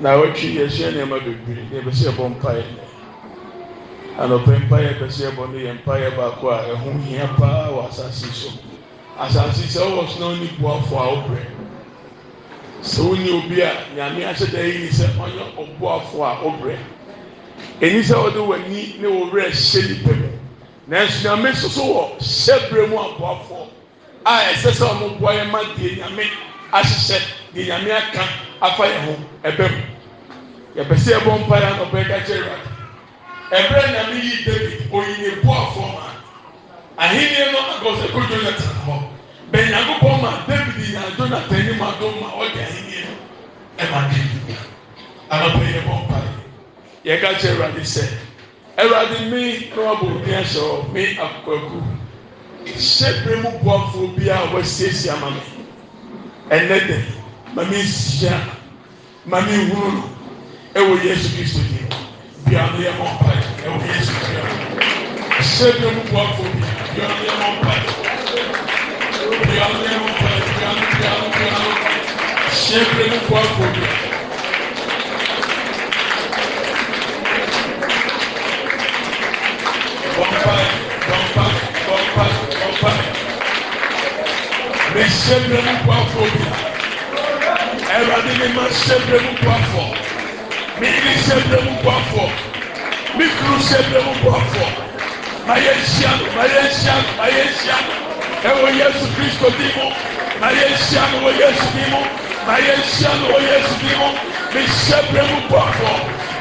na awɔtwi yɛhyɛ nneɛma bebree na yɛbɛsɛ yɛbɔ mpaeɛ anɔpɛ mpaeɛ yɛbɛsɛ yɛbɔ no yɛ mpaeɛ baako a ɛho hia paa wɔ asase so asase sɛ ɔwɔ so na ɔne buafo a ɔbrɛ sɛ ɔne obi a nyame ahyɛ dɛ yi sɛ ɔnyɛ ɔbuafo a ɔbrɛ ɛni sɛ ɔde w'ani ne wɔ werɛ hyɛ nipa mu nanso nyame soso wɔ hyɛbrɛ mu aboafo a ɛsɛ sɛ ɔmo boa yɛ ma deɛ nyame ahyehyɛ deɛ nyame aka afa yɛ ho ɛbɛ mu yɛpɛ sɛ ɛbɔ mpaeɛ anɔpɛ ka kyerɛ wa ɛbrɛ david oyin ebu afɔm a ahenni no agɔsɛ ko jonathan hɔ bɛnyakopɔ ma david na jonathan anim ado ma ɔde ahenni e e no ɛma david ka anɔpɛ yɛ bɔ mpaeɛ yɛ ka kyerɛ ɛwurade sɛ ɛwurade mi na wabɔ obi ahyɛ hɔ mi akɔkɔku hyɛ bere mu buafoɔ bi a wɔasiesie ama mi ɛnɛ de ma mi nsia ma mi é o Yeshua yi bia no yɛ mɔmpa pai yesu kristo yi sɛbi ɔmu bu afɔ bi bia no yɛ mɔmpa bia no yɛ mɔmpa bia no bia no bia no sɛbi ɔmu bu afɔ bi. Mesebire sempre bu afɔ bi, ɛwɛ adi mi ma sebire miigi seple mu bwpↄ mi kru seple mu bwfↄ ma yesianu ma yesianu ma yesian ewo yesu kristo dimu ma yesianu wo yesu dimu ma yesianu wo yesu dimu mi seplemu bwpↄ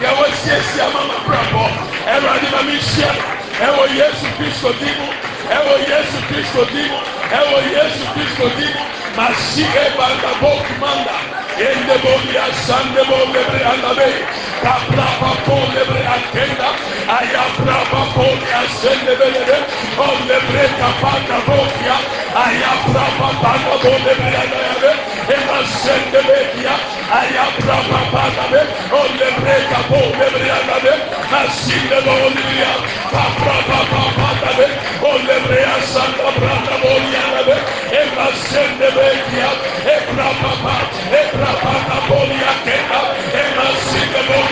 yawo siesiama mabrapↄ elwadima mi sian ewo yesu kristo dimu ewo yesu kristo dimu ewo yesu kristo dimu ma si ebadaboku manda endeبoبia sandeبolere andame aprapapobreakea aiarapapoasbeede ebreapaaboa aiarapaaabobraa emasdbea aiaraaaab breabobraademasbora aabbreasaabraaboaab emabrea eraaa eraaaboia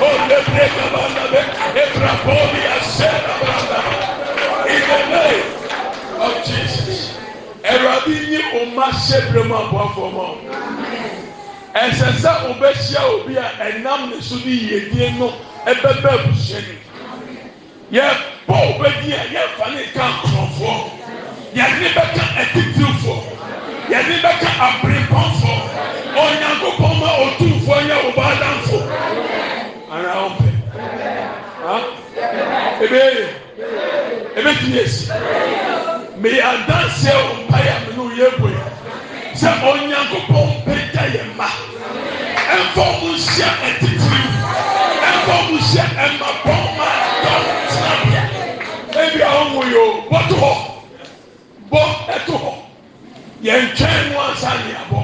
Reconde breka banda be. Ebrapoli asera banda. In the name of Jesus. Ẹ̀rọ̀dì yí ọmọ ṣẹ́bìrì mu àbọ̀fọ̀ mọ́. Ẹ̀sẹ̀ sẹ́ ọbẹ̀ṣẹ́ òbí a ẹ̀nam ne so ní yìídìí nù ẹ̀bẹ̀bẹ̀ ẹ̀bùsẹ̀ ni. Yẹ bọ́ ọbẹ̀dìí a yẹ fà ní ká nkurọ̀fọ̀. Yẹ ní bẹ́ka ẹ̀tìtìfọ̀. Yẹ ní bẹ́ka àbìrìkọ́fọ̀. Ọ̀nyankopọ̀ ma òtúfọ̀ yẹ ọba adamfọ̀. anaɔpɛ ɛ ɛbɛtiyesi meyɛdaseɛ wɔ mpa yame no yɛ boɛ sɛ ɔnyankopɔ pɛtɛ yɛ ma ɛmfɔ bosia atitiri ɛmfɔbsia ɛmabɔ maɔsa ɛbiawɔ wo yɛo bɔtohɔ bɔ ɛtohɔ yɛntwɛ noansaneabɔ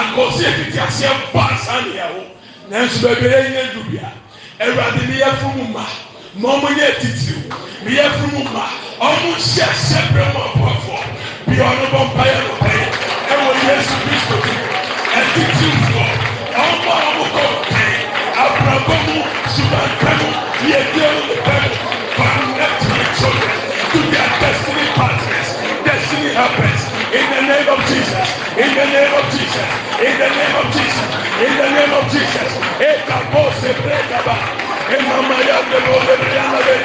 akɔse ɛtitiasiɛ bɔ ansanea wo na nso bɛbɛyɛnyɛ do bia awurade ne yɛfo mu ma ma ɔmo yɛ titiriw ne yɛfo mu ma ɔmo hyɛ hyɛ brɛ mu abɔfo bi ɔno bɔ mpa no pɛ ɛwɔ yesu kristo ti ɛtitiriwfoɔ ɔmo a ɔmo kɔ pɛ abrabɔ mu sumanka mu yɛ die mu ne eenoties eaposepreada emamayadevobraae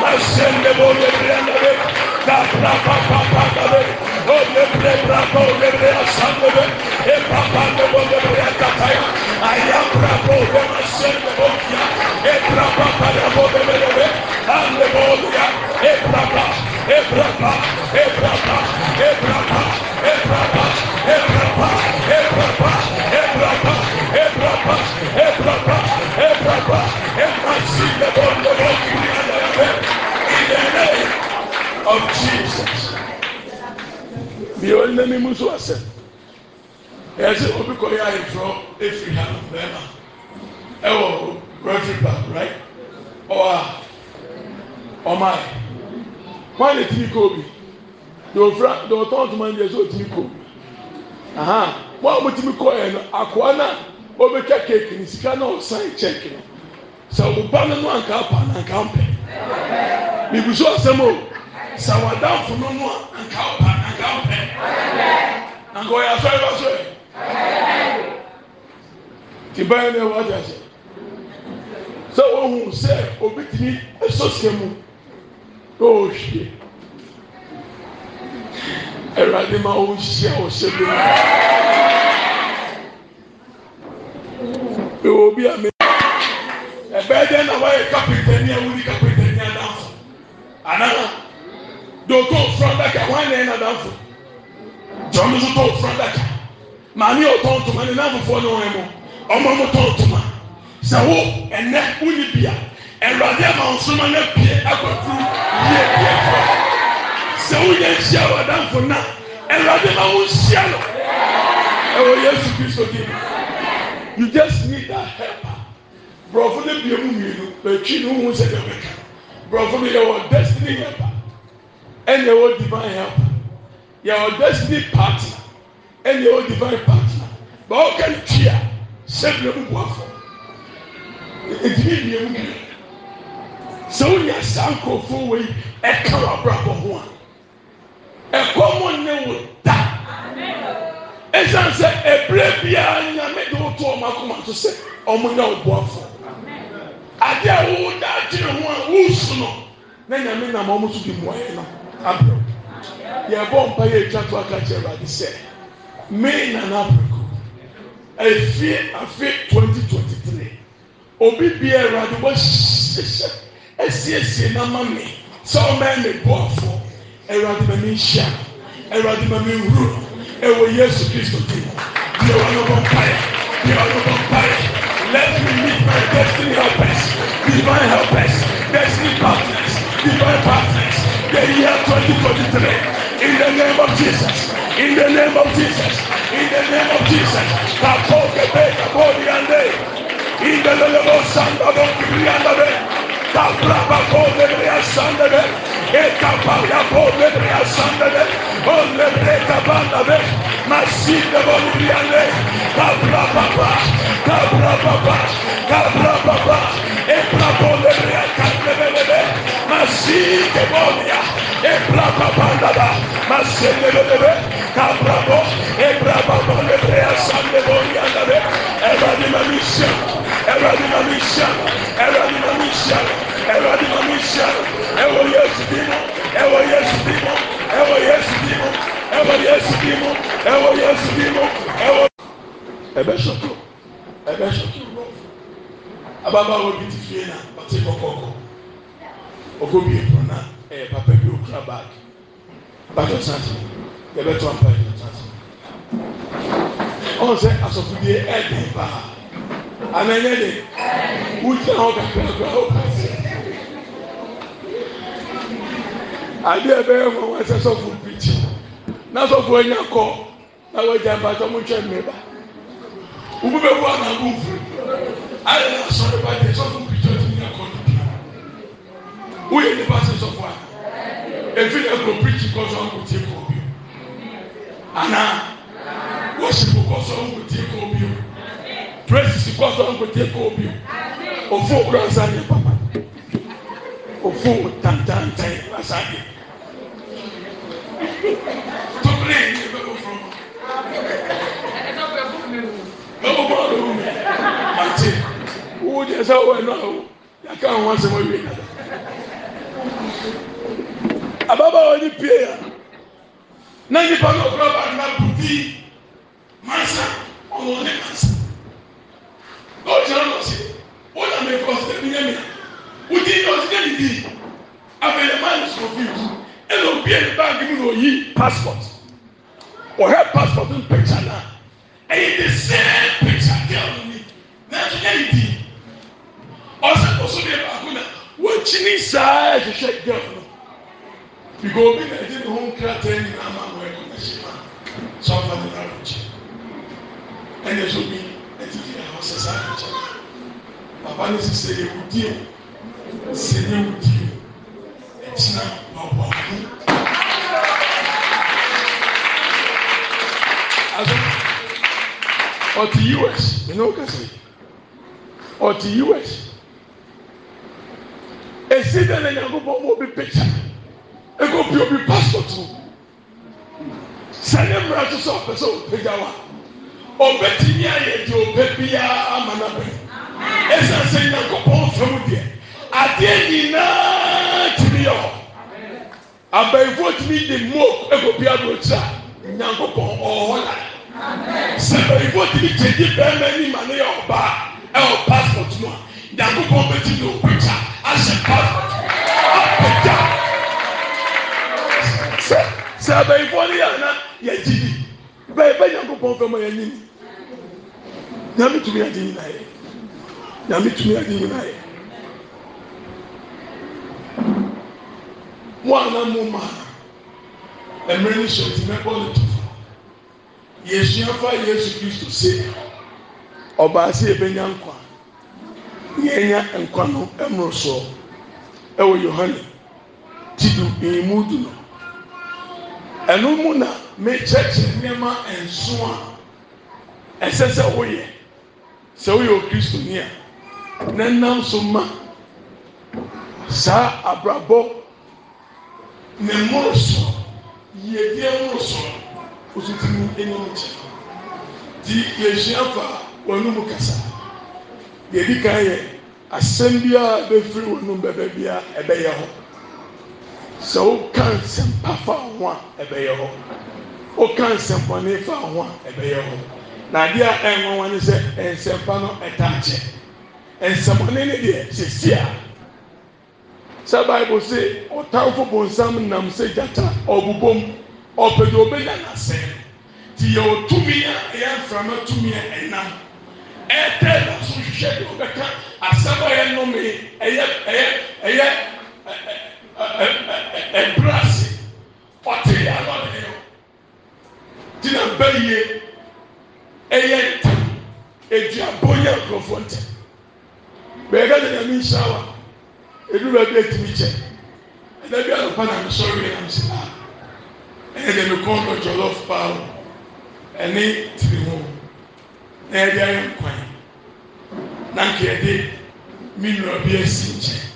madevobraav arararaaaayabramao eraaaavvoa errr n'anim nso asɛm yɛsɛ obi kɔ yɛ ayɛtwerɛ efiri ha bɛrima ɛwɔ referee bar right ɔwɔ a ɔmaa oh, wɔn na tiri kɔ obi deɛ ofura deɛ ɔtɔn toma deɛ sɛ ɔtiri kɔ obi ahan wɔn a wɔtumi kɔ yɛ no akoa na ɔbɛtwa keeki ne sika na ɔsan kyɛk no sɛ ɔba no no anka apa na anka mpɛ bibi so asɛm o sɛ wadanfo no no anka apa na nka ɔyɛ asɔre ba so ti bɛyɛ na ɛwɔ adi ase sɛ wohu sɛ obi tini ɛsɔ sika mu na ɔrehwie ɛwurade ma ɔrehyia ɔhyɛ bi mu ɛwɔ obi a mi ɛbɛyɛ dɛ na wayɛ kapita ni awuri kapita ni adanfo ana doko fura bɛka wɔn anɛ na adanfo tí wọn nso tɔn fura bɛka maame a ɔtɔn ntoma ne nan fufuo ne wɔn mu ɔmo ɔmo tɔn ntoma sɛ wo ɛnɛ wuli bia ɛwurade ama nsoma ne pie akɔtu yie pie fɔ sɛ wo yɛ nhyia wɔ danfo na ɛwurade ma wo nhyia no ɛwɔ yesu kristo di you just need a helper borɔfo ne bie mu mienu bɛtwi ne ho sɛ bɛbɛka borɔfo ne yɛ yɛwɔ destiny party ɛna yɛwɔ divine party baa ɔka ntwi a sɛbila mu buafo edini bia mu bia sɛ wonya saa nkurɔfoɔ wɔ yi ɛka wɔ abrabɔ ho a ɛkɔ mu ne wo da ɛsan sɛ ebire biara nyame de woto ɔmo akoma to sɛ ɔmo nyɛ wo buafo adeɛ a wɔwɔ da akyerɛ ho a wɔn su no na nyame nam ɔmo so bi mu ayɛ no abirɛ. yɛabɔɔ mpa yɛ atwako aka kye awurade sɛ me nanaapreko afie afe 2023 obi bia awurade woaɛhɛ asiesie namamne sɛwoman ne goɔfo ɛwurade ma menhyia ɛwurade ma menhuru ɛwɔ yesu kristo dimo deɛwɔnɔbɔmpaɛ dɛwɔnɔbɔmpaɛ let me meat destiny helpers divine helpers destiny partnes divine part in e name o jessin e name o esn ename of jesus aoepeaboda nsar earaaave masvo sike bonia ebrapapandada masemededeve kabrako ebraakonetrea sanebonandabe eadimanisa eadimansa ea eda esdmu ssdsdimu es ebe ebesokoo ababaobitifiena batemokoko ọkọ bi ẹtọ na ẹyẹ eh, papa bi okura baagi baagi ọsan so yẹbẹ tọ mpa yẹbẹ ọsan so ọsẹ asọfo bi ẹdẹ baa ananyẹ de wúti àwọn kakra kura ó kà sí adi ẹbẹ yẹ fọ wọn ẹsẹ sọfo pìtì n'asọfo ẹnya kọ na wọn gya mpa tọmọ ntwẹ mmeba wọ́n bẹ wọ́n anagbo fún ayé n'asọ̀rọ̀ bàjẹ́ sọfo pìtì woyɛ nipa sɛ sɔfo a efi na ekuro pirikyi kɔsɔ ɔmo tie kɔ bio ana wɔsipu kɔsɔ ɔmo tie kɔ bio presisi kɔsɔ ɔmo tie kɔ bio ofo wura nsa ne papa ofo tantantan nsa ne tobiri yi bɛ bɔ fɔlɔ bɛ bɔ bɔ ɔlɔwɔ mi mate wo de ɛsɛ wɔ ɛnɔ awo yaka wɔn asɛm awie nada ababaawa ni pie a na nipa náà kura ba nna buti mansa ọmọ ní mansa lọ́wọ́ gyina náà ọ̀sẹ̀ wọ́n nà mẹ́ kọ́ ọ̀sẹ̀ mi yẹ mi wùdí ọ̀sẹ̀ yẹ mi di abẹ́yẹ man is confused ẹnna obi ẹni báàgì mu náà yí passport ọ̀hẹ́ passport ní picture náà ẹ̀yẹ the same picture dẹ́ ọ̀nà mi náà ẹ̀sẹ̀ yẹ mi di ọ̀sẹ̀ kọ̀ọ̀sọ̀ mi yẹ baako náà wọ́n kyi ní sáà ẹ̀hẹ̀hẹ̀ dẹ́ ọ̀nà. ecaebinedenhonkra tenina manuekoesima soenena ude ene sobi etidiaosese ee apanesisee udi sene udi sina aoa ot us nekas ot us esidene yangubomobipeta eko bi obi pastor tu sani mmerɛ to sɛ ɔpɛ sɛ ɔpɛgya wa ɔbɛtumi ayɛ deɛ ɔpɛ biara ama na bɛ ɛsan sɛ nyankopɔn fam deɛ adeɛ nyinaa tumi yɛ hɔ abɛnfo tumi di mook eko bi ado kyerɛ nyankopɔn ɔwɔ la sɛ abɛnfo tumi kye di bɛrima ni ma ne yɛ ɔbaa ɛwɔ passport no a nyankopɔn bɛ ti di o picture ahyɛ passport apɛgya sɛ sɛ abɛyifoɔ no yɛ ana yɛ gyi bi bɛyɛ bɛ nyankopɔn fɛ ma yɛ nim nyame tumi adi nyinaa yɛ nyame tumi adi nyinaa yɛ mo ana mo ma mmerɛ no hyɛ ntoma ɛbɔ no to yɛsua fa yesu kristo se ɔbaa sɛ yɛbɛnya nkwa yɛnya nkwa no mmoro soɔ ɛwɔ yohane ti do nyimu du ɛno mu na mekyɛkyerɛ nneɛma nson a ɛsɛ sɛ woyɛ sɛ woyɛ okristoni a na nam so ma saa abrabɔ ne mmoro so yiedie mmoro so osu ti mu anim kyɛ ti yɛhyia fa wɔnum kasa deɛ di kan yɛ asɛm biara bɛfiri wɔnum bɛbɛ biara ɛbɛyɛ hɔ sɛ woka nsɛmpa fa ho a ɛbɛyɛ hɔ woka nsɛmpɔne fa ho a ɛbɛyɛ hɔ na adeɛ a ɛnwanwa ne sɛ nsɛmpa no ɛta akyɛ nsɛmpɔne ne deɛ sisi a sɛ baibu se ɔtanfo bonsam nam sɛ gyata ɔbubom ɔpɛdɛ obɛnya n'asɛ ti yɛ otumi a ɛyɛ nframa tumi a ɛnam ɛtɛ ɛna so hwehwɛ de ɔbɛka asɛm a ɛyɛ nnome ɛyɛ ɛyɛ ɛyɛ ɛbrɛ ase ɔte yɛ anɔde no ti na bɛ yie ɛyɛ ntɛm eduabo yɛ nkurɔfoɔ ntɛm bɛyɛ kɛse na mi nhyia wa edu bɛ bi etimi kyɛ ɛna bi anɔpa na mi sɔrɔ yɛ nam sika ɛna deɛ mi kɔn no jollof paa o ɛne tiri ho na yɛ de ayɛ nkwan na nka yɛ de mi nua bi esi nkyɛn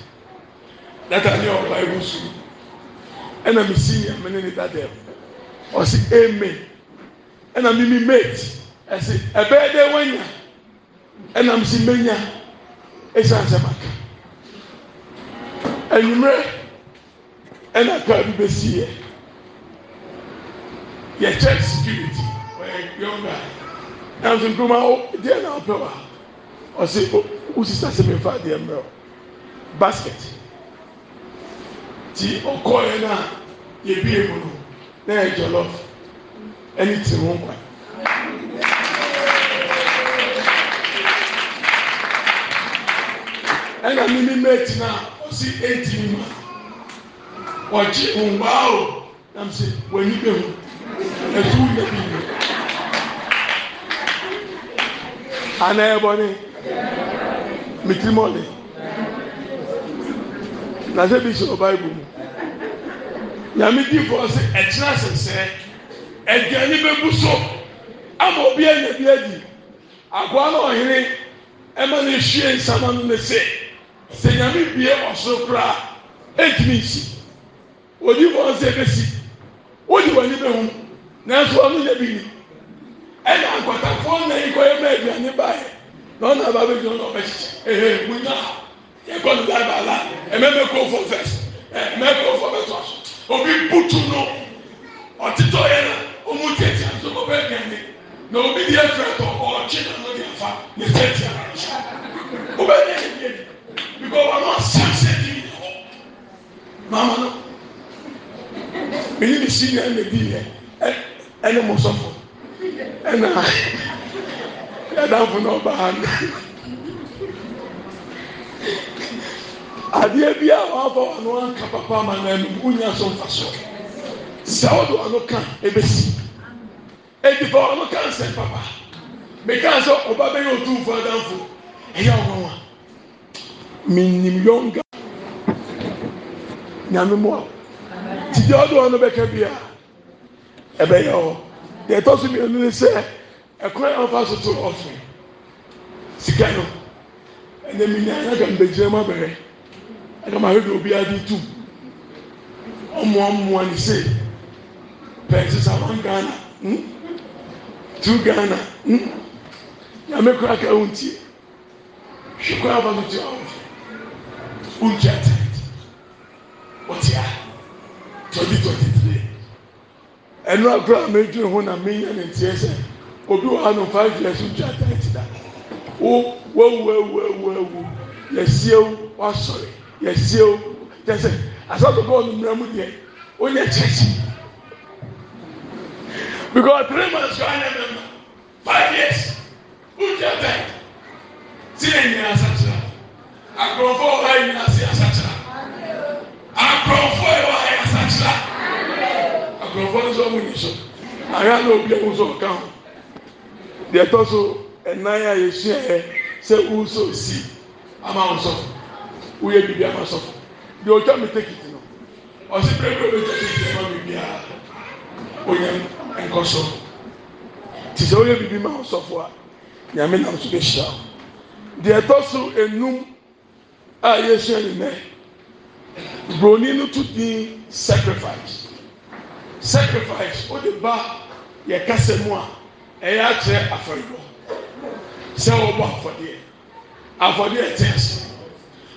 data ni ọba ewu su ɛna mi senior mi ne ne dada amen ɛna mi mi mate ɛsi ɛbɛyɛ dɛ wɛnya ɛna mi si menya esi asɛm aka ɛnumere ɛna kaa bi besi yɛ yɛ church security ɔyɛ young guy nkuruma o deɛ na ɔpɛ wa ɔsi o wusisi asɛm efa deɛ mmerɛ basket tí ọkọ yẹn náà yẹbi emu no náà yẹ jọlọf ẹni tí wọn kọ. ɛna mímí méjì náà ɔsi eti mi ma ɔgye ngba o nam sɛ w'ani bɛ hu ɛtu yɛ bi yɛ ana yɛ bɔne mitrimɔle na sɛ bi sɛ ɔbaa egu mu nyame difoɔ sɛ ɛkyerɛ asesɛ aduane bɛbu so ama obi anya bi adi akoa na ɔhene ɛma no ehwie nsama no ne se sɛ nyame bie ɔsoro koraa ɛntumi nsi odifoɔ sɛ ɛbɛsi wodi wɔn ani bɛhu nanso ɔno yɛ bi ni ɛna akwatafoɔ na yi kɔyɛ bɛɛ aduane baeɛ na ɔna aba bɛ gyina na ɔbɛkyekyɛ ɛhɛ mu nya yɛ kɔ no baabaala ɛmɛ mɛ kɔ fɔ fɛs ɛmɛ kɔ fɔ bɛ tɔ so obi butu no ɔtetɔ yɛ na ɔmo tete aso mo bɛ gɛnne na obi di ɛfɛ tɔ ɔɔkye na no di afa ne tete ahyɛ mo bɛ gɛnne bi yɛ because wɔn asan sɛ di mi hɔ maama no eyi ni si yɛ ɛna bi yɛ ɛna e, mo sɔfo ɛna ɛdanfo na ɔbaa no adeɛ bi a wafa wano anka papa ama n'anum wunya so nfa so sɛ ɔdo ɔno ka ebesi edi ɔno ka nsɛm papa meka sɛ ɔba bɛyɛ otumfo adamfo ɛyɛ ɔnwa menim yɔnga nyame mmoa ti deɛ ɔdo ɔno bɛka bia ɛbɛyɛ hɔ deɛ ɛtɔ so mmienu ne sɛ ɛkwan amfa so to ɔfo sika no ɛnɛ mi nyanya mbɛgyina mu abɛrɛ ɛna maa hwɛ obiara de tum ɔmoa mmoa ne se pɛnti sa one ghana hmm? two ghana hmm? nyame kora ka ɛho ntie hwɛ kora ba no te ɔmo wontu atɛnt ɔte a twenty twenty three ɛnu agorɔ a mɛdwiri ho na mɛnya ne nteɛ sɛ obi wɔ hanom five years wontu atɛnt da wo wawu wawu wawu wawu yɛsie wasɔre yɛsie o kyɛ sɛ asɔtɔfo wɔn mmira mu deɛ onyɛ kyɛkyɛ because three months kɔ anyɛ mɛma five years wúdìɛ bɛ ti yɛ nyina asakyera akorɔfo wɔ ha nyina ase asakyera akorɔfo yɛ wɔ ha yɛ asakyera akorɔfo nso ɔmo nyi so ahwɛ na obi ɛho nso ɔka ho deɛ ɛtɔ so ɛnan a yɛsua yɛ sɛ wuso si ama wosɔfo woyɛ bibi ama sɔfo deɛ ɔtwa mi tekiti no ɔsi pɛrɛpɛrɛ mi tekiti ɛma mi bia onyɛ nkɔ so te sɛ woyɛ bibi ma ɔsɔfo a nyame nam so bɛhyia o deɛ ɛtɔ so enum a yɛsua ne mɛ broni no to din sacrifice sacrifice o de ba yɛ kasa mu a ɛyɛ e akyerɛ afɔrebɔ sɛ wɔbɔ afɔdeɛ afɔdeɛ tɛnso.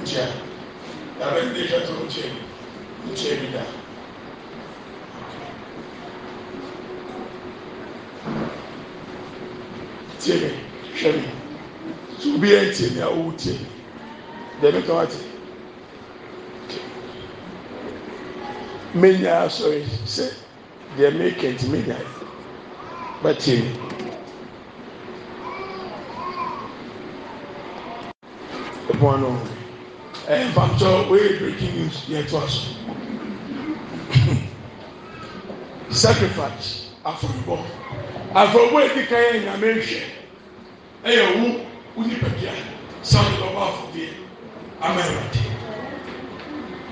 nkyɛ a yi de hwɛtɔ nkyɛ bi nkyɛ bi da tie mi hwɛ mi so obi yɛ ntie mi a owu tie mi ka wa te menya asɔre sɛ deɛ mi kɛntɛ menya yi ba tie mi mpampkyɛ eh, wɔyɛ breaking news yɛ to aso sacrifice afɔrebɔ afɔrebɔ edi kan yɛ nyame nhwɛ ɛyɛ wu onipa bia sanni ɔba afɔdeɛ amɛrɛde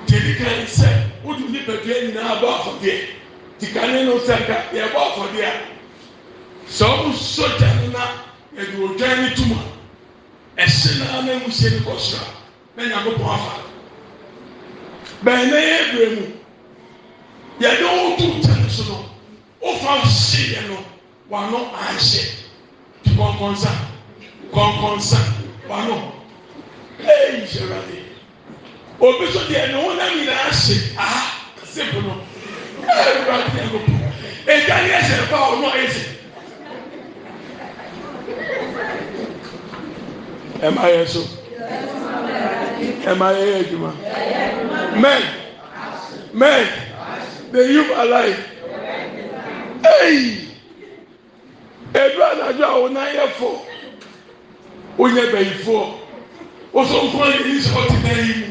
tedi kan sɛ wotu onipa bia nyinaa bɔ afɔdeɛ tikane no sɛnka yɛ bɔ afɔdeɛ sɛ ɔmo sojɛ no na yɛde odwan ne tuma ɛsi naa na ewu sie ne kɔ sora na nyankopɔn afa bɛn na yɛ ebire mu yɛde wɔn tu nkyɛn so no wofa si yɛ no wano ahyɛ ti kɔnkɔnsa kɔnkɔnsa wano eyi hyɛwɛde obi so deɛ ne ho nam nyinaa hyɛ aha sepo no ɛwurade nyankopɔn edwani ɛhyɛ ba ɔno ɛhyɛ. Am I also? Yes, ɛma yɛyɛ adwuma men men the youth alive eyi edu anadwo a wɔn ayɛ fo wonyɛ bɛyifoɔ wosɔ nkɔn yi ni sɔ ti na yi mu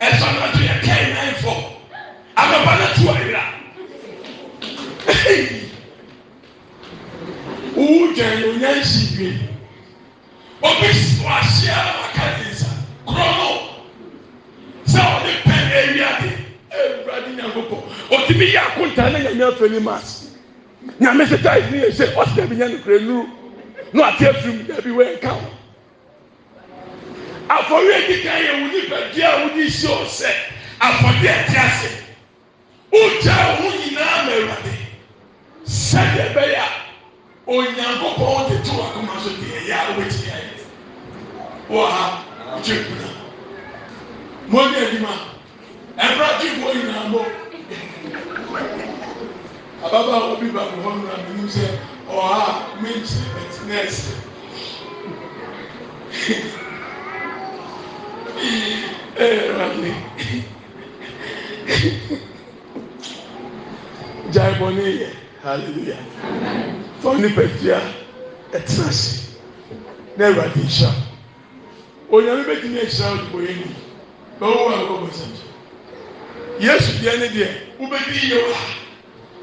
ɛsɔ anadwo yɛ kɛn nan fo amaba na tu ayira eyi owu dwan no nyansi dwe obi wɔ ahyia waka ne kro no sɛ ɔde pɛneawiade awurade nyankopɔn ɔtumi yɛ akontaa ne nyame tni mars nyame sɛ ta no yɛhɛ osca binya nokrɛ nuru no ateasromdaabi wɛnka ho afɔre agyi kan yɛ wo nnipagi a wone hyɛo sɛ afɔdeatia sɛ wokya wo ho nyinaa maawurade sɛdeɛ ɛbɛyɛ a onyankopɔn ode tiwakoma so deɛyɛa woakyiayɛ wh ina modeedima efra jipoyinaamo ababaobibamhomna menu se oha met etines eray eh, gaibonye halleluya foni petia etinas neradesa onyame bɛgyina ahyira odibɔyɛ ni bɛwo wɔ akɔbɔ nsɛm yesu deɛ ne deɛ wobɛdi yie wɔ ha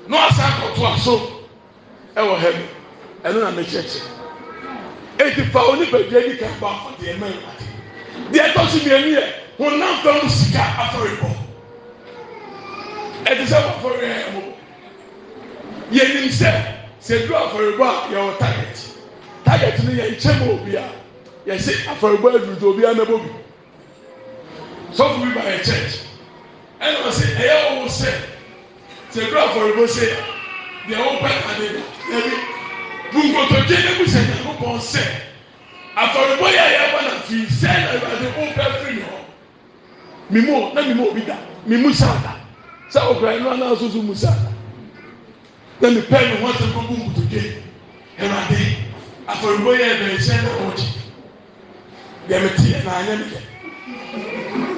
na ɔsan akɔto aso ɛwɔ ha mu ɛno na mɛkyɛkyɛ eti fa onipadua di ka ba deɛ mɛn ade deɛ ɛtɔ so mmienu yɛ honam fam sika afɔrebɔ ɛte sɛ wɔafɔre ɛyɛ mo yɛnim sɛ sɛ duro afɔrebɔ a yɛwɔ target target no yɛ nkyɛn mu obiara. yɛ se afarobɔ a adurudoɔbiana bɔ bi sof bi bayɛ church ɛneɔ sɛ ɛyɛ wɔwo sɛ sɛ borɛ afɔrobɔ sɛ deɛ wopɛ kade o ni bunkotodwe ne mi sɛ nyankopɔn sɛ afarobɔ yɛ yɛbɔna firi sɛ n awuade wopɛ fri ne hɔ mo na mimuobi da mimu saada sɛ wokra no anaa so so mu saada na mepɛ mohɔ tamɔ bunkotodwe uade afrobɔyɛ bɛsɛ ne wɔwogye deɛ me teɛ na anyɛ me dɛ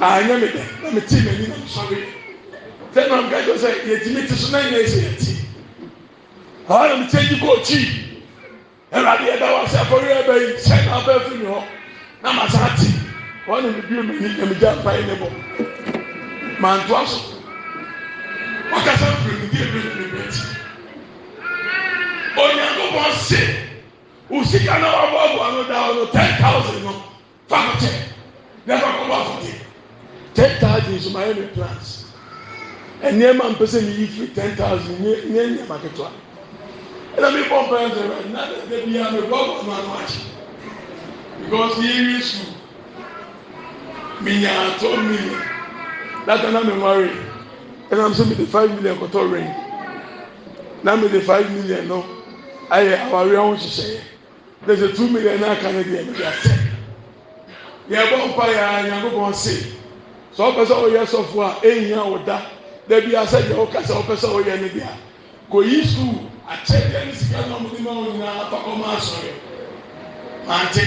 anyɛ ah, me dɛ na me te n'ani na nsɔre sɛ na nka kyerɛ sɛ yɛtumi te so na nyɛ sɛ yɛti ɔhɔ na me te yi kɔ kyi ɛwurade yɛda wa sɛ afɔri yɛ bɛyi sɛ na ɔbɛ fi mi hɔ na ma sa ti wɔn na me bi mi ni na me gya mpa yi ne bɔ ma to so wakasa firi mi di ebi mi mi ti onyankopɔn se osika na wabɔ ɔbɔ ano da ɔno ten thousand no fa ho kyɛ n'afa kɔn ten thousand so ma yɛ ne plans nneɛma mpɛsɛ ne yi firi ten thousand nye nye nneɛma ketewa ɛna mi bɔ mpɛrɛ sɛ ɛna na de bi ya mi bɔ bɔ no ano akyi because yi yi su mi nya atɔ million data na mi nware ɛna mi sɛ mi de five million kɔtɔ rain na mi de five million no ayɛ awaare ahohyehyɛ yɛ de sɛ two million na aka ne deɛ mi de asɛ yɛbɔ mpa yɛa nyankopɔn se sɛ wopɛ sɛ woyɛ sɔfoɔ a ɛhia wo da da bia sɛ deɛ woka sɛ wopɛ sɛ woyɛ no deɛ kɔyi sukuu akyɛdeɛ ne sika no ɔmode ma wo nyinaa fa ɔma asɔre mante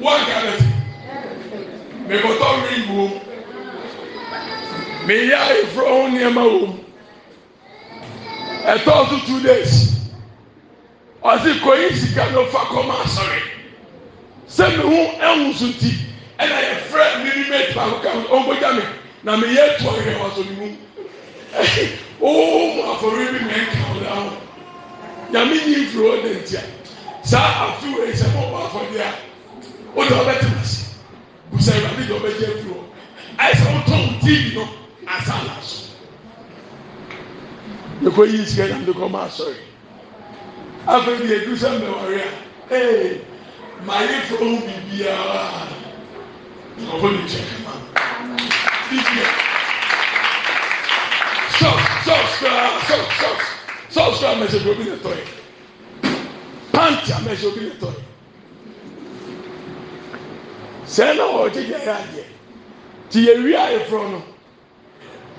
woanka bɛte mekɔtɔ wei wom meyɛ ayeforɔ ho nneɛma wom ɛtɔɔ so two days ɔse kɔyi sika no fa kɔma asɔre sɛ mi ho ɛho so ti ɛna yɛ frɛ mi ni mate baako ka ho ɔmo gya mi na mi yɛ to ɔyɛ wa so ne mu oo mo afɔre bi mɛ nka ho da ho nyame nyi nfiri hɔ de ntia saa afi wo yi a o de ɔbɛ tena se busa ɛwurade de ɔbɛ gye afiri hɔ ayɛ sɛ wotɔn tiivi no asa ala so yɛkɔ yi sika yam de kɔ ma asɔre afei de edu sɛ mbɛwari a ee. maye pro bibia oeeea soramee obineto anta mese obineto se neotebaeade tiyeriaye prono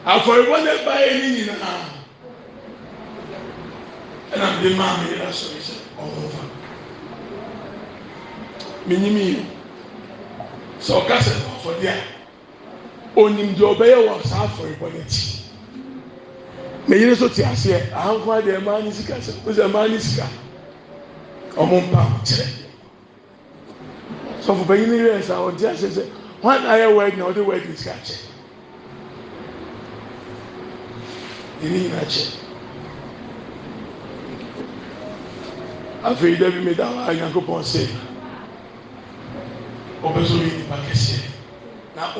afoyebone ba niyina enambe mamyela sose a menyimi yi sɛ ɔka sɛ afɔde a onim deɛ ɔbɛyɛ wɔ saa afɔrebɔ n'akyi na yiri nso te aseɛ ahanko adeɛ mmaa ne sika sɛ ɔsɛ mmaa ne sika ɔmo mpa kyerɛ sɔfo panyin ne yɛ saa ɔte aseɛ sɛ wɔn ayɛ wɛd na ɔde wɛd ne sika kyɛ yiri nyinaa kyɛ afei dɛbi mi da hɔ a nyankopɔn sɛ.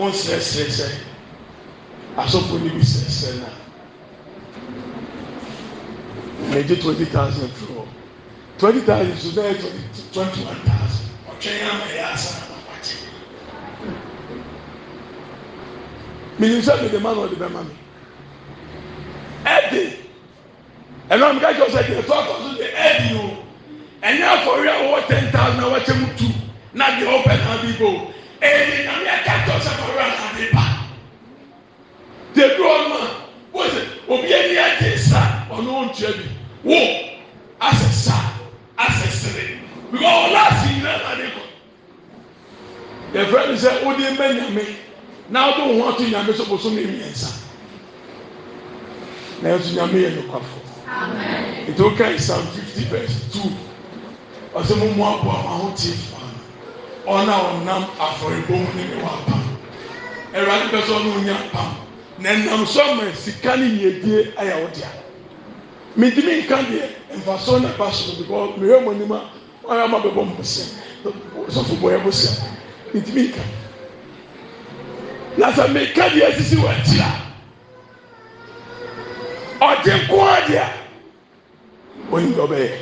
sɛsɛsɛ aspnɛsɛn ge 20000 2000021000 ini sɛnidemandebɛmam ɛde ɛnmikasɛdeɛtkso de ɛdno ɛne afɔriawowɔ 10000awatsɛ mutu na de open dbo èyí nyame akatọ sẹ mo wura na mi ba dedu ọma wosẹ obi ani agye sa ọno ntua bi wo asẹ sa asẹ sere because ọlá asi nyina na ne kọ yẹfrẹ mi sẹ ọdi mbẹ nyame na ọdi wọn ato nyame sọ bosom yẹ mmiɛnsa na yẹ to nyame yẹ nukwafo ètò kan psalm fifty verse two ọsẹ mo mu abo àwọn ahotie fún wa ɔna ɔnam afɔrebom ne ne wapam ɛwurade pɛ sɛ ɔno onya pam na ɛnam so ma sika ne yiedie ayɛ ɔdia medimi nka deɛ mfasoɔ na ba so because mehwɛ mo anim a ɔyɛ ɔma bɛbɔ mo bosea sɔfo bɔ yɛ bosea medimi nka na sɛ deɛ sisi wɔ akyi a ɔde nko adeɛ a wɔnim deɛ ɔbɛyɛ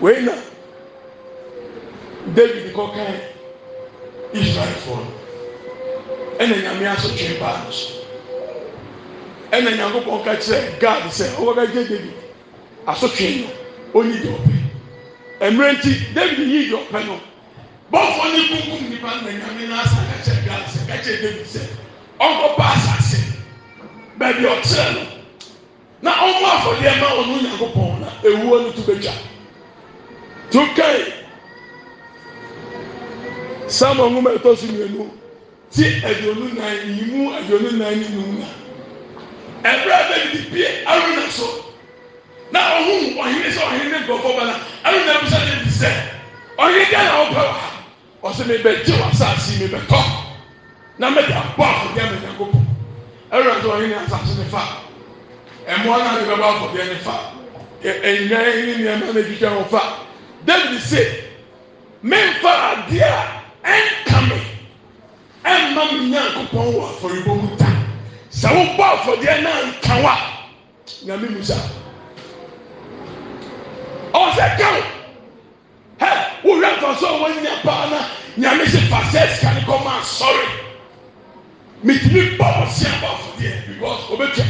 wei david kɔkɛ israelfoɔ ɛna nyame aso twere baa no so ɛna nyankopɔn ka kyerɛ gad sɛ ɔwɔbɛgye david aso twere no ɔnyi deɛ ɔpɛ mmerɛ nti david yi deɛ ɔpɛ no bɔfoɔ ne kunkum nipa na nyame n'asa ka kyerɛ gad sɛ ka kyerɛ david sɛ ɔnkɔpa asase baabi ɔkyerɛ no na ɔmo afɔdeɛ ma ɔno nyankopɔn na ewuo no to bɛtwa to kae sáàmù ọ̀hún ẹ̀tọ́ sí mìínú tí aduonu nan yìí mú aduonu nan ní ìlú nà ẹ̀bùrẹ́ abẹ́ni ti bíi arúnà so na ọ̀hún ọ̀hìn sẹ ọ̀hìn ní gbọ̀gbọ̀ bala arúnà ẹ̀bùsọ̀ ní ti sẹ ọ̀hìn gánà ọ̀pẹ̀ wà ọ̀sẹ̀ mi bẹ̀ jẹ́ wà sáàsì mi bẹ̀ tọ́ na mẹ̀ dà bọ̀ àkọ́bí àmì ìyá gbọ̀ ẹ̀rọ tó ọ̀hìn ní asase ní fa ẹ̀mọ́ náà ní bẹ̀ bọ̀ àkọ́bí àmì fa ẹ̀yìn ní ní ẹ̀mọ́ náà ní ɛnkame ɛnma mi nyankopɔn wɔ afɔribɔmu ta sɛ wobɔ afɔdeɛ na nkawa nyame musa ɔwɔ sɛ kaw hɛ wohwɛ mfaso a wɔanya paa na nyame se fa sɛ sika ne kɔma asɔre metumi bɔ bɔsea bɔ afɔdeɛ because obɛtwa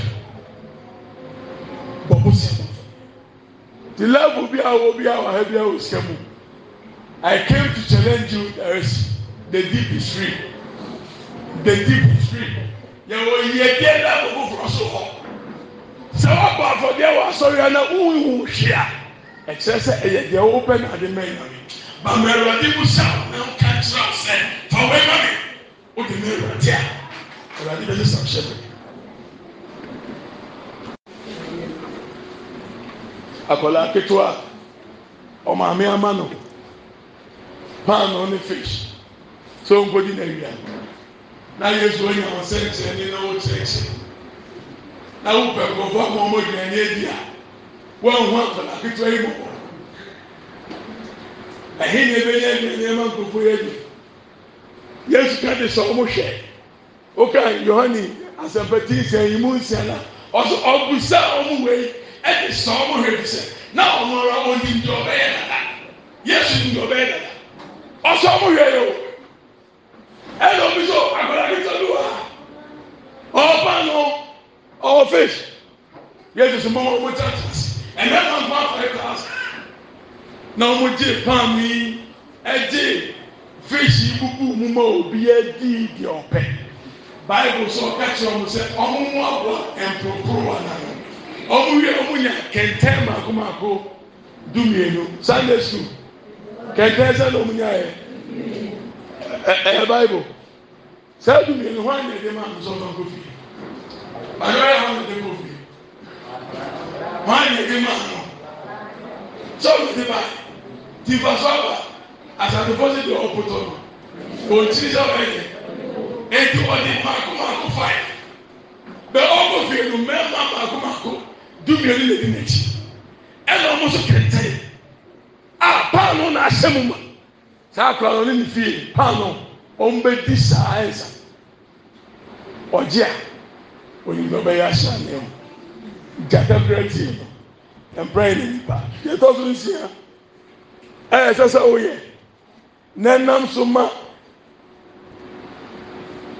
bɔ bɔsea bɔ afɔdeɛ ti level bi a wɔ bi a wɔ ha bi a wɔ sika mu. icam to challenge you ais dbs dbs yɛwɔydɛɛ awɔboforɔ so hɔ sɛ wobɔ afɔdeɛ wɔ asɔrea na wowohwea ɛkyerɛ sɛ ɛyɛ deɛwo open ade mainame bamrɛ awuade mu sɛwon woka krɛw sɛ fa wmame wode mawuade a ade bɛnesahyɛ aɔkte a ɔmame ama no Pan on the fish so nkodi na awia na yesu onye wọn sẹ nkyɛnni na wọn kyerɛkyerɛ na wọn pɛ nkɔfo a wọn gyina ɛni edi a wọn ho akɔla ketewa yi bɔbɔ ɛhe na ebe yɛ ɛdi nneɛma nkɔfo yɛ di yesu ka de sɛ ɔmo hwɛ oka yohane asɛmpɛti nsɛ yi mu nsɛ na ɔsɛ ɔbusa ɔmo wei ɛdi sɛ ɔmo hwɛ bi sɛ na ɔmo ara ɔdi ndi ɔbɛyɛ dada yesu ndi ɔbɛyɛ ɔsɛ omowɛɛ o ɛnɛobi so akadadi tado a ɔwɔpa no ɔɔ fesh yɛti so mawɔ mo chuchase ɛnɛ mankoma afai class na ɔmogye pamyi ɛgye fishyi bubu moma obiadii e deɛ ɔpɛ bible sɛ ɔka kyerɛ mo sɛ ɔmomo aboa e mproporoanano ɔmowieɛ ɔmonya kɛntɛn m agomaako dumienu sanda scu kɛntɛn sɛ na ɔmo nya yɛ ɛyɛ baibu saa dumuni hɔ anyɛ de ma nsɔn ma kofi anwere hɔ anyɛ de kofi hɔ anyɛ de ma ano sɛ ɔmo de ba ti fa so aba asatofo si de ɔpotɔ no ɔntiri sɛ ɔbɛyɛ eti ɔde mako mako fae bɛ ɔmo fie no mɛma mako mako dumuni le di n'akyi ɛna ɔmo so kɛntɛn a paano na ahyɛ mu ma saa akora no ne ne fie paano wɔn bɛdi saa ɛnsa ɔgye a onyimpa bɛyɛ ahyɛ aneɛ mu gyata brɛ tie no mpra yɛ ne nipa yɛtɔ so nsia ɛyɛ sɛ sɛ woyɛ na ɛnam so ma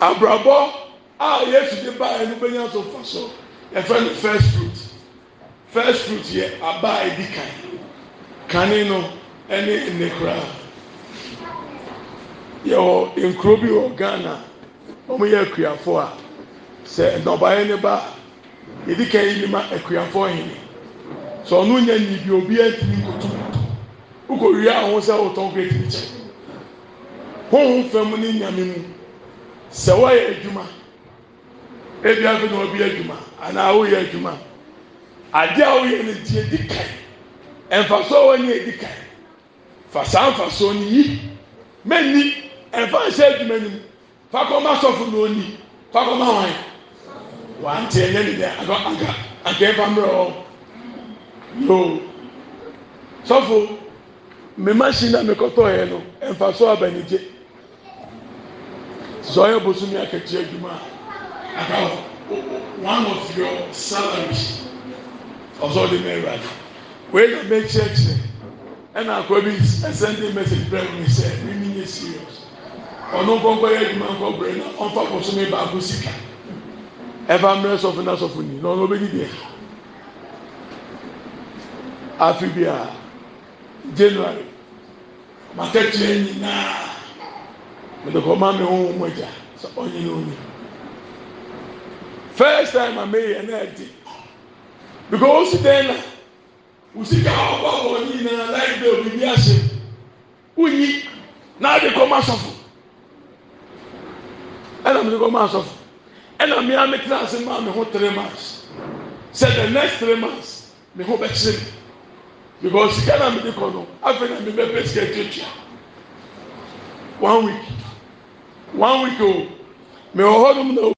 abrabɔ a yesu de baa ɛnu bɛnya so fa so yɛfrɛ no first fruit first fruit yɛ aba a edi kan kane no ɛne nne koraa yɛwɔ nkuro bi wɔ ghana wɔn yɛ akuafoɔ a sɛ nnɔbaeɛ ne ba yɛdi kan yi ne ma akuafoɔ hene sɛ ɔno nya nyibi obi atumi kutu wokɔ wia ho sɛ wotɔn kɔ eti kyɛ honhom fam ne nyame mu sɛ wɔyɛ adwuma ebi afei na ɔbi adwuma anaa woyɛ adwuma adeɛ a woyɛ no tie di kan mfasoɔ wɔ ni edi kan fa saa ni yi mɛni mfa nhyɛ adwuma ni mu fakɔma sɔfo na oni fakɔma wɔn wante ɛnyɛ ni dɛ agɔ anka anka ɛfa mmerɛ wɔn yoo sɔfo me machine na me kɔtɔ yɛ no mfasoɔ abanigye zɔyɛ bosomi akɛkyɛ adwuma aka wɔ one of your salary ɔsɔ de mɛ ɛwura de wei na mɛ kyerɛkyerɛ ɛna akɔ bi ɛsɛnde message brɛ mi sɛ mimi nye serious ɔno nkɔnkɔ yɛ adwuma nkɔ brɛ na ɔnfa kɔso mi baako sika ɛfa mmerɛ sɔfo na sɔfo ni na ɔno obedi deɛ afi bi a january makɛkyerɛ nyinaa mɛde kɔ ma mi ho mo gya sɛ ɔnye na onye first time a mɛ yɛ ɛna ɛdi because o si dɛn na osika ọkọ wọn nyinaa láì dé òbí bí ahyẹ wọnyi náà de kọ́ máa sọ̀fọ̀ ẹnna mi de kọ́ máa sọ̀fọ̀ ẹnna mi àmì tẹ́lẹ̀ ase máa mi ho three months sẹ the next three months mi ho bẹ kyerẹ mi because sika náà mi de kọ́ no afẹ́ náà mi bẹ bẹ sika ẹtú ẹtú one week one week o mi wọ hɔ nom na o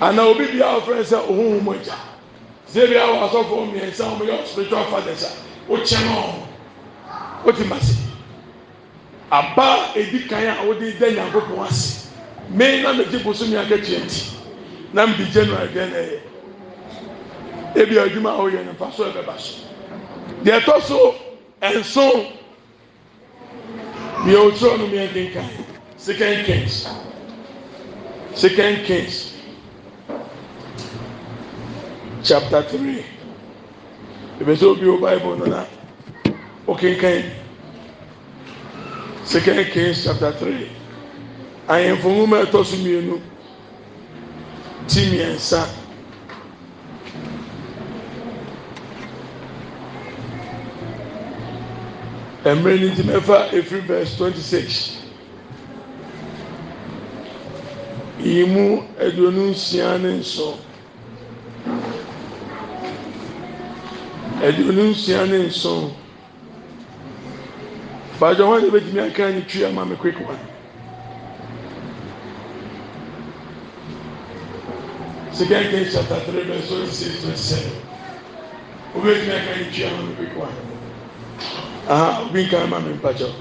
ana obi bi a ɔfrɛ sɛ ohun ohun mo gya ebi awɔ asɔfo mmiɛnsa wɔn yɛ spiritual fathers a wokyɛ no wotu ma se aba edi kan a wɔde da nyankopɔn ase mee na megye bosomi akɛkyɛ nti na mbi january deɛ na ɛyɛ ebi adwuma a wɔyɛ no nfa so ɛbɛba so deɛ ɛtɔ so nson deɛ oturo no mmiɛnkenkan second kings second kings chapter three ebe sɛ obi bible no na okenkan second kings chapter three ahemfo nwoma ɛtɔ so mmienu ti mmiɛnsa. mmerɛ no nti mɛfa ɛfiri verse twenty-six. mu aduonu nsia ne nson aduonu nsia ne nson baagye wɔn a yɛbɛtumi aka ne twi ama me quick one second Kings chapter three verse one six to seven wobɛtumi aka ne twi ama me quick one aha obi nka ama me mpakyɛw.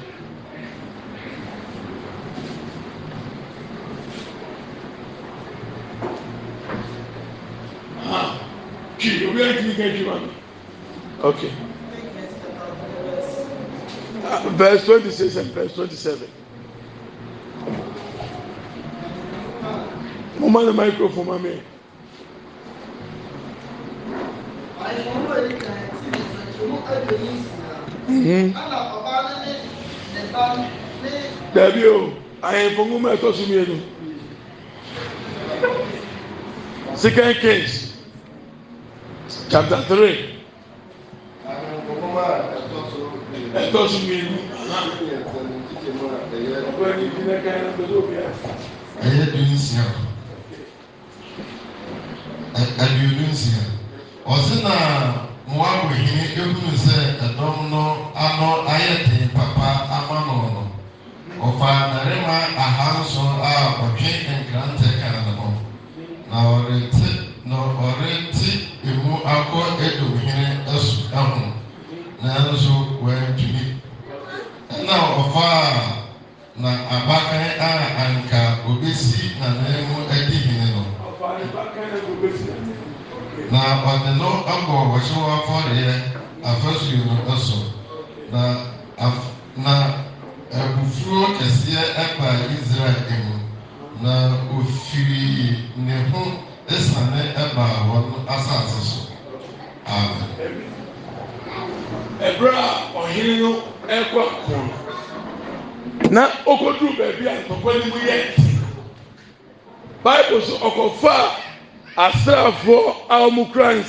Ah, twi obi a ti ka twi ma mi. Ok. Uh, verse 26 and verse 27. Mama the microphone, mommy. Mhm. Dàbí o, àyẹ̀fọ́ mú mẹ́tọ́ sí mi ẹnu. Second Kings chapter 3. ɛtɔ so mmienu ɛyɛ du nsia aduonu nsia ɔsi na moabu hene ehunu sɛ ɛdɔm no ano ayɛ papa ama no no ɔfa narima ahanso a ɔtwe nkrantɛ kan ne ho na ɔrete na ɔrete emu akɔ edom hene nanso wɔantumi ɛna ɔfaa na abakan a anka obesi nanan mu adi hene no na ɔde no abɔ wɔhyew afɔreɛ afasuo no so na af na abufuo kɛseɛ ɛba israel mu na ofiri ne ho esane ɛba wɔn asase so amen ɛbrɛ a ɔhene no ɛkɔ ako no na ɔkɔduru baabi a ntɔkwa no mu yɛ nti baibul so ɔkɔfa a asraafoɔ a wɔn kura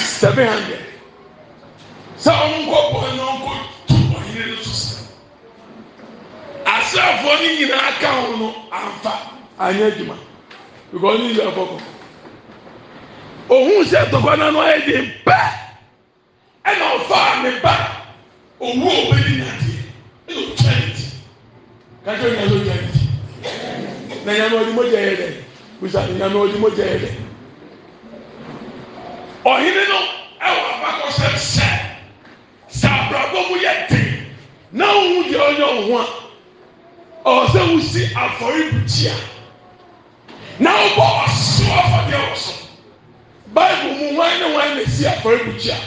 seven hundred sɛ wɔn nkɔ bɔn na wɔn kɔ tu ɔhene no so sɛ asraafoɔ no nyinaa ka ho no amfa anyɛ adwuma because ɔne yɛ ɛbɔ kɔ ohun sɛ ntɔkwa no ano ayɛ den pɛɛ ɛna ɔfaa ne ba owó ɔbɛdi n'adeɛ ɛna ɔtwa ne ti kakɛ ɔnyɛ lɛ ɔtwa ne ti na nyanu ɔdi mogya yɛ dɛ kusa nyanu ɔdi mogya yɛ dɛ ɔhene no ɛwɔ abakɔsɛm sɛ sɛ abrabɔ mu yɛ den na ohun deɛ ɔnyɛ ɔho a ɔwɔ sɛ wosi afɔrebukyia na ɔbɔ ɔso afɔdeɛ wɔ so baibu mu wɔn ne wɔn na esi afɔrebukyia.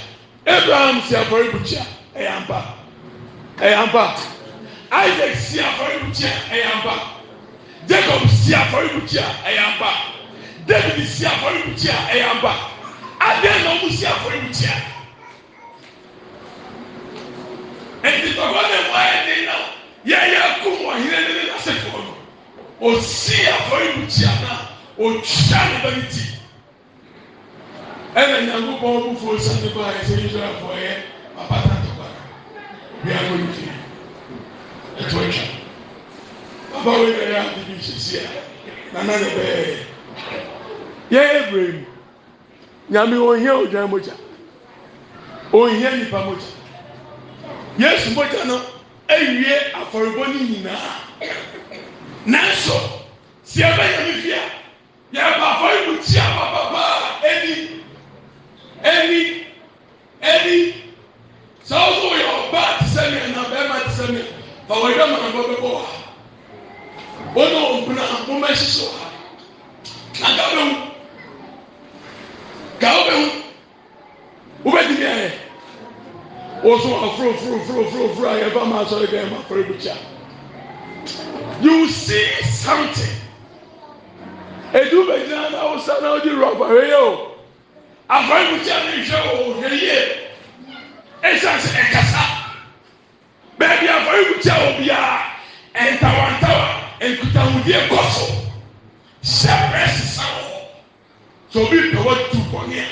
abraham sia fɔre bukya yampa yampa isak sia fɔre bukyia yampa jacob sia fɔre butyia yamba david sia fɔre bukyia yampa adanna omu sia afɔre bukia nti tɔkoa nɛ muayɛ denam yɛyɛ kom ahenɛdene na sɛkoɔno osi afɔre bu kyia no otwa no banoti ɛna nyankopɔn bufuo sani kɔ a ɛsɛ israelfo yɛ apata ntɔkpara bi akɔ nfi ɛtɔ ɛtwa baba wo yɛ adi bi sisi a nana ne bɛɛ yɛ ebire mu nyame ohia ogyan mogya ohia nipa mogya yesu mogya no ewie afɔrebɔ ne nyinaa nanso si ɛbɛyɛ mi fia yɛ ba afɔrebɔ tia papapa eni ɛni ɛni sɛ ɔsɔ yɛ ɔbaa ti sɛ mi ɛna bɛrima ti sɛ mi ɔwɔ yɛ mana bɔ bɛ bɔ wa wɔn a ɔmpena moma ɛhyehyɛ wa aga bɛ hu gawo bɛ hu wobɛdi mi ayɛ wɔso afurofurofurofuro a yɛfa ma asɔre bɛyɛ ma afɔre bukyia you see something edu bɛ gyina na awosan na ɔdi rɔba wɛyɛ o afɔyimutia mi nhwɛ wɔ ɔhwɛ yie esan sɛ ɛkasa baabi afɔyimutia wɔ biara ɛntawantawa nkutahudie kɔ so pɛrɛsi sa so obi pɛwɔ tu bɔnea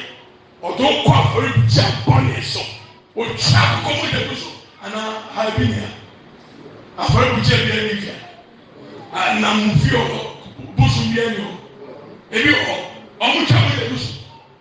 ɔdo kɔ afɔyimutia bɔnea so otwa akɔkɔ mu dɛm so anaa ha bi nia afɔyimutia bi ɛni fia anamufio busu bi ɛni hɔ ebi hɔ ɔmo twa mu dɛm so.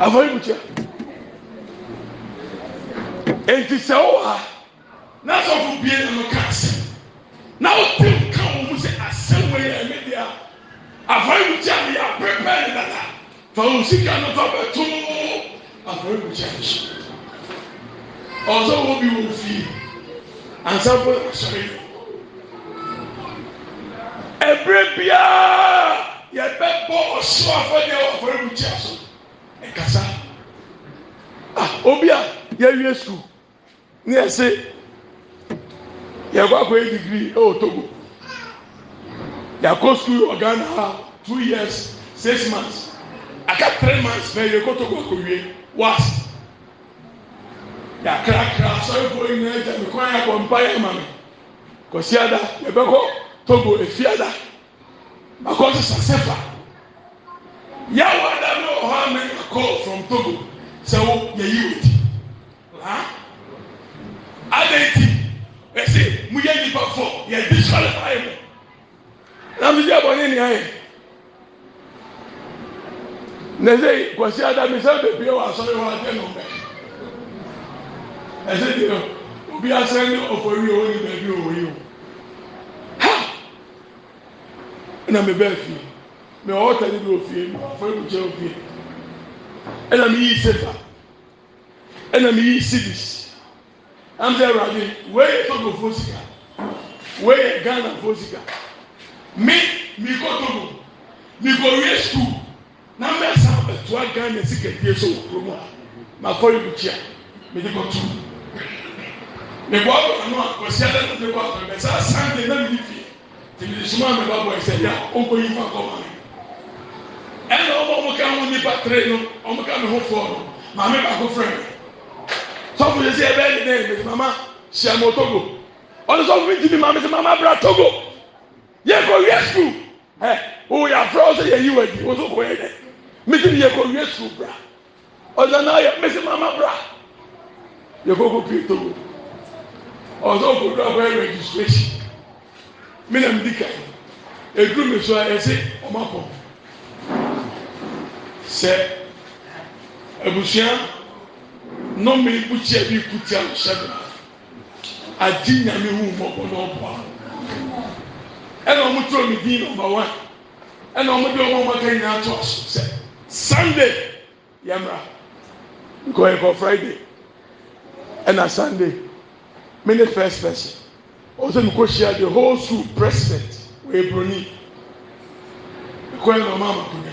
afɔre mua enti sɛ wo a ne sɛfo bie ne no kaasɛ na wotem ka wo mu sɛ asɛmw yɛmedeɛa afare mukyia no yɛaberɛ pɛ ne dada faonsika no fabɛto afare muyanso ɔsɔ wɔbi wɔfie ansabɔhyɛm ɛberɛ biaa yɛbɛbɔ ɔhyew afɔre deɛa wɔ afare muya so kasa ah obi a yɛwie sukuu ne yɛse yɛkɔ akɔyɛ degree ɛwɔ e togo yɛakɔ sukuu wɔ ghana ha two years six months aka three months na kɔ togo akɔwie was yɛakrakra asɔrefoɔ nyinaa gya me kwan akɔ mpa yɛ ama me kɔsi ada yɛbɛkɔ togo efi ada akɔ sisa sefa. yawɔ adamnɛɔhɔa mɛ kɔ from tobo sɛwʋ yɛyiwoti adati ɛse mʋya yibafɔ yɛdɩsɔlebayɩmɛ namidya bɔneneayɛ nɛsɛ kɔsɩadami sɛbebia wɔ asɔr ɔadɛnɔmɛ ɛsɛdiɔ biasɛn ɔfɔwiwoni bɛbioyio h ɛnamebɛfie e nyise ny ds mr m mtogo mikoe scool nmsaetua gasie d ssnn mde tse ɛna wɔn wɔn ka ho nipa tire no wɔn ka ne ho fɔɔ no maame baako fɛn sɔfo yɛ si ɛbɛyɛ ne dɛ ɛbɛyɛ mama hyia mo togo ɔno sɔfo mi ti mi maame sɛ mama bra togo yɛ kɔ wia sukuu ɛ o yɛ afra ɔsɛ yɛ yi wa di o so kɔ yɛ dɛ mi ti mi yɛ kɔ wia sukuu bra ɔsɛ na yɛ mi sɛ mama bra yɛ kɔ kɔ pie togo ɔsɛ okɔ bra kɔ yɛ registration mi na mi di ka yɛ eduru mi so a yɛ sɛ ɔma kɔ. sɛ abusua no me bo kyea bi reku tianosɛ dina adi nyame huummɔbɔnɔ ɔbɔa ɛna ɔmoturo medin numbe one ɛna ɔmode ɔmahoma ka nyinaa tɔs sɛ sunday yɛmmra bkause ɔyɛkɔɔ friday ɛna sunday me ne first person ɔhu sɛ mekɔ hyiaa the whole scoul brespit wɔyɛbroni ɛkonɛ nɔ ɔmaamakona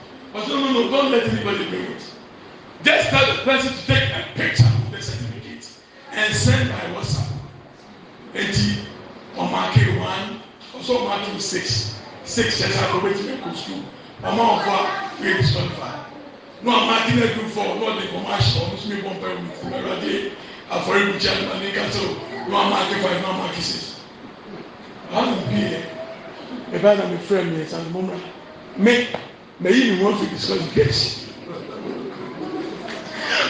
But no, no, no, don't let anybody bring it. Just tell the person to take a picture of the certificate and send by WhatsApp. Eti ọmọ akiri one ọsọ ọmọ akiri six six ṣẹṣẹ akọbẹti ẹkọ school I'm No, ọmọ ọfọ wey disqualify na ọmọ akiri ẹkọ fọ ọlọdi ọmọ aṣọ ọmọ sumi pọmpẹ ọmọ ìfúnra ẹwàdí afọrẹbùjẹ àgbà ní kátó na ọmọ akiri five na ọmọ akiri six. Wàhálà bí ẹ ẹ bá dàbí fúrẹ́mì a sàgbọ́nmọ́ra Me na yi ni wọn fi discuss the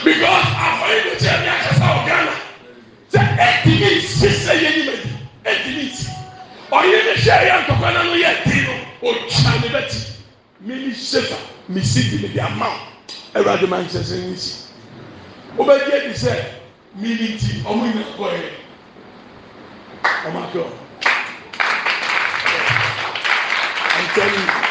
because afọyín ló ti ẹni akasa ọgá náà sẹ ẹtì ní sísẹ yẹn ní mẹjì ẹtì ní ti ọyẹ ní sẹ ẹyà ntọkọ náà ló yẹ ẹtì nù ọjà ní bẹ ti mi ní sèfà mi sì di mi di àmà ẹrọ adé máa ń sẹsẹ ní sí ó bẹ jẹ ẹbí sẹ mi ní ti ọmọ yìí kọ ẹ ọmọ akẹ́ ọ. I'm telling you.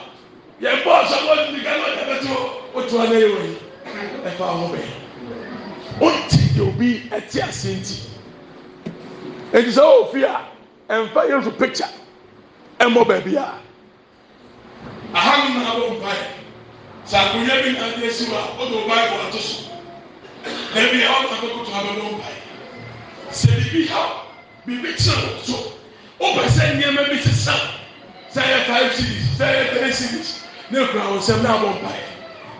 yɛmpɔɔsamnigan dabɛt wotoan yɛwi ɛfaw ho bɛ wote yɛwobi te asenti enti sɛ wowɔfi a ɛmfa yɛho picte mɔ baabia ahano naabɔmpae sɛ akoya bi naade asiw a wodewbible ato so e bia wɔnaabɛ kotoabɛbɛɔ mpae sɛ dibi haw bibi ke noso wopɛ sɛ nneɔma bi sesa sɛ yɛ srs sɛ yɛ pɛɛ seris ne kura wɔn nsɛm na abɔ mpaeɛ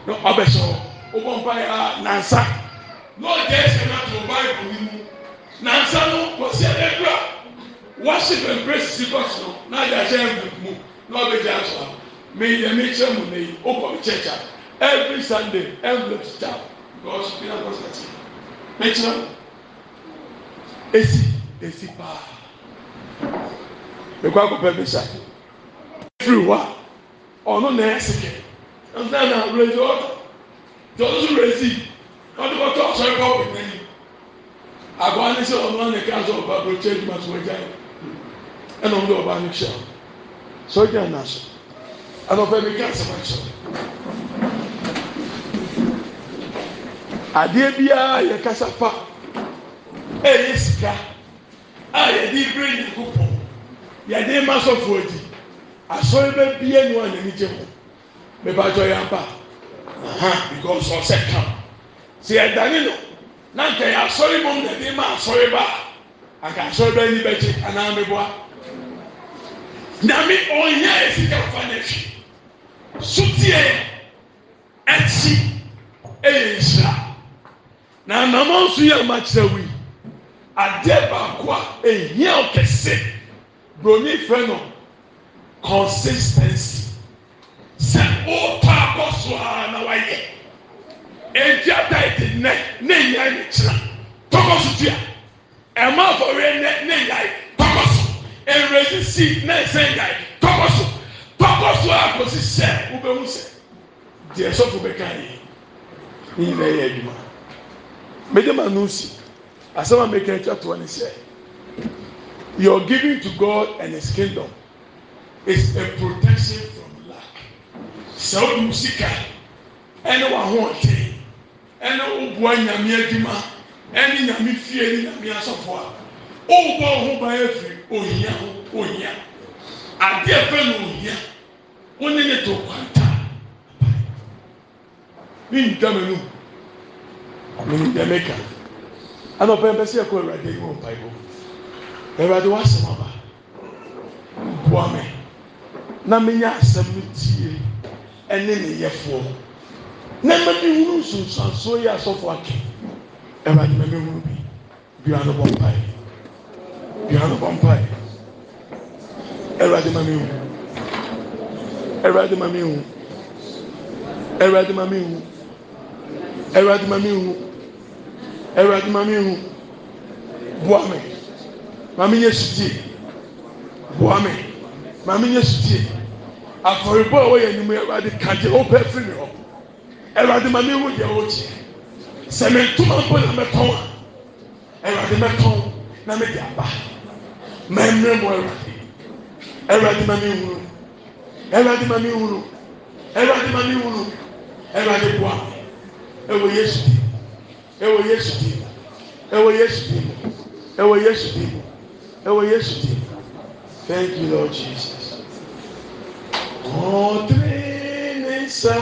na ɔbɛhyɛ hɔ ɔbɔ mpaeɛ a nansa lɔɔre gya ɛsɛ na to ɔbaa ɛkɔ yi mu nansa no wɔsi ɛdɛ kura worship and praise si bɔs no na adi ahyɛ ɛmu mu na ɔbɛgya aso a me yɛ me kyerɛ mu na yi ɔkɔ me church a every sunday envelope star because we are consulting me kyerɛ mu esi esi paa mekɔ akɔpɛ mi sa firi hɔ ɔno na ɛsi kɛ ɛnna na rezi ɔtɔ tí ɔno so rezi ɔno bɔtɔ ɔsɔre kɔ ɔbɛ n'ani agba ni sɛ ɔno ɔne kaa sɛ ɔba bro kyɛ edwuma so ɔgya yi ɛna ɔmo de ɔba no hyɛ sɔgya na so anɔpɛ mi kaa sɛ ɔkyɛ adeɛ biara yɛ kasa pa ɛyɛ sika a yɛde ebire nyɛ kopɔ yɛde ma sɔfo odi. asɔre ba bia no aanami gye ho mɛbagwɔ yɛ ampaha because ɔsɛ kam sɛ yɛdane no na nkayɛ asɔre mmɔm dade ma asɔre ba a anka asɔre ba nni bɛgye anaa mɛbɔa name ɔrhia ɛsikawɔfa no ahwi soteɛ ati ɛyɛ nhyira na anamɔ nso yɛmakyerɛ wii adeɛ bakoa ɛhia ɔkɛse bronifrɛ no consistency sɛ wotɔ akɔ so a na wayɛ edi adaete nɛ ne nya ne kyerɛ tɔkɔ so tia ɛma afɔwe nɛ ne nya tɔkɔ so enwezi si ne nsɛn nya tɔkɔ so tɔkɔ so a kɔsi sɛ wobɛhu sɛ deɛ sɔfo bɛka yi ne nyinaa yɛ adwuma mmedi ma no si asɛm a mɛka atwa toɔ ne sɛ you are giving to God and his kingdom is a protection from lack sɛ wodu sika ɛne w'ahoɔden ɛne woboa nyame adwuma ɛne nyame fie ne nyame asɔfo a wobɔ wo ho ban afiri ohia ho ohia adeɛ pɛ na ohia wo ne ne to kwanta ne ndwama no menidameka ana ɔpɛ mpɛ sɛ yɛkɔ awurade yi wɔ mpaebɔ awurade woasɛm aba boa me na menya asɛm no tie ɛne ne yɛfoɔ na mmɛbi huru nsunsansoɔ yi asɔfo ake ɛwɛ adi mmɛbi huru bi dua no bɔ mpae dua no bɔ mpae ɛwɛ adi mmɛbi huru ɛwɛ adi mmɛbi huru ɛwɛ adi mmɛbi huru ɛwɛ adi mmɛbi huru ɛwɛ adi mmɛbi huru bua mi maame yɛ sutie bua mi maame yɛ sutie afɔribɔ a wɔyɛ ɛnum ɛwurade kagye ɔpɛ firi mi hɔ ɛwurade ma mi hu deɛ ɔkye sɛmɛ ntoma mpɔ na mɛtɔn a ɛwurade mɛtɔn na mɛ de aba mɛ mmerɛ mu ɛwurade ɛwurade ma mi hu ɛwurade ma mi hu ɛwurade ma mi hu ɛwurade bua ɛwɔ yesu di ɛwɔ yesu di ɛwɔ yesu di ɛwɔ yesu di ɛwɔ yesu di thank you lord jesus. odrinesa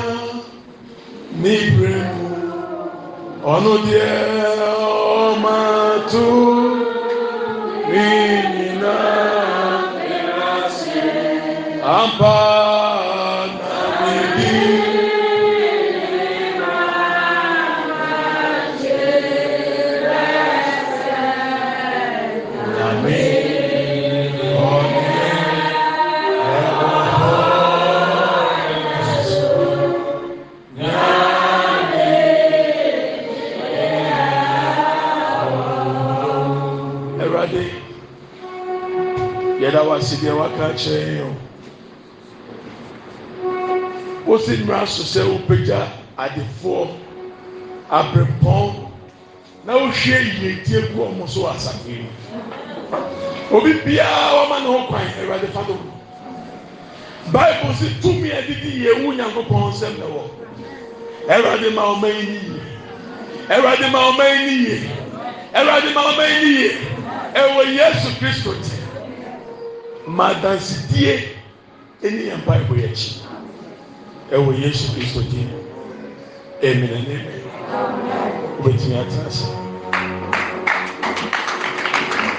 niremo ano die omato minina masi pa ase deɛ waka kyerɛ yɛn o wosi nyina so sɛ wopagya adefoɔ abirepɔn na wohwie yie tie gu ɔmo so wɔ asase mu obi biara wama ne ho kwan awurade fa do baibul si tumi adidi yie wu nyankopɔn nsɛm na wɔ awurade ma ɔman yi ni yie awurade ma ɔman yi ni yie awurade ma ɔman yi ni yie ɛwɔ yesu kristo ti. madanse die eniyambaibo yeci ewe yesu christo din eminaneme betimiatnasi